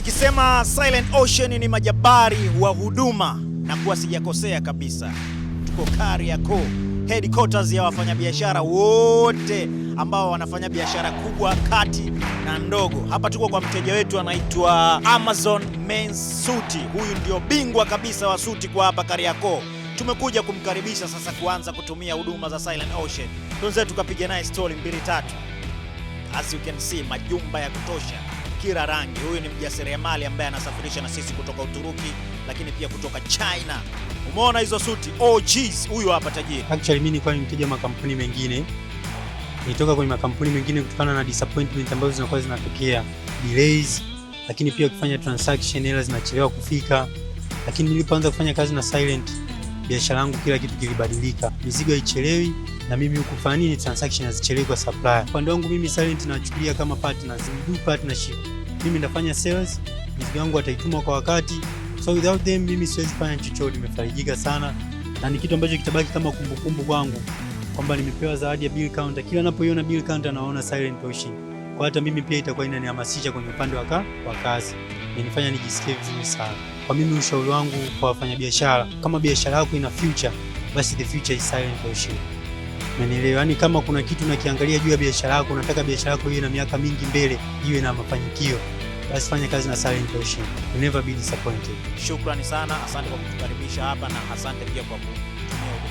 Nikisema Silent Ocean ni majabari wa huduma na kuwa sijakosea kabisa. Tuko Kariakoo, headquarters ya wafanyabiashara wote ambao wanafanya biashara kubwa, kati na ndogo. Hapa tuko kwa mteja wetu anaitwa Amazon Men's Suti. Huyu ndio bingwa kabisa wa suti kwa hapa Kariakoo. Tumekuja kumkaribisha sasa kuanza kutumia huduma za Silent Ocean. Tunze tukapiga naye story mbili tatu. As you can see, majumba ya kutosha Bikira Rangi. Huyu ni mjasiriamali ambaye anasafirisha na sisi kutoka Uturuki, lakini pia kutoka China. Umeona hizo suti oh, jeez, huyu hapa tajiri. Actually mimi nilikuwa nimteja makampuni mengine, nitoka kwenye makampuni mengine kutokana na disappointment ambazo zinakuwa zinatokea, delays, lakini pia ukifanya transaction hela zinachelewa kufika, lakini nilipoanza kufanya kazi na Silent biashara yangu kila kitu kilibadilika, mizigo haichelewi na mimi huku fanini transaction hazichelewi kwa supplier. Upande wangu mimi Silent nachukulia kama partners, we do partnership. Mimi nafanya sales, mizigo yangu ataituma kwa wakati, so without them mimi siwezi fanya chochote. Nimefarijika sana na ni kitu ambacho kitabaki kama kumbukumbu kwangu kwamba nimepewa zawadi ya bill counter. Kila napoiona bill counter naona Silent Ocean kwa hata mimi pia itakuwa inanihamasisha kwenye upande wa kazi, inanifanya nijisikie vizuri sana. Kwa mimi ushauri wangu kwa wafanyabiashara, kama biashara yako ina future, basi the future is silent Ocean. Umenielewa? Yaani kama kuna kitu nakiangalia juu ya biashara yako, unataka biashara yako iwe na miaka mingi mbele, iwe na mafanikio, basi fanya kazi na Silent Ocean. You never be disappointed. Shukrani sana, asante kwa kutukaribisha hapa na asante pia kwa kutumia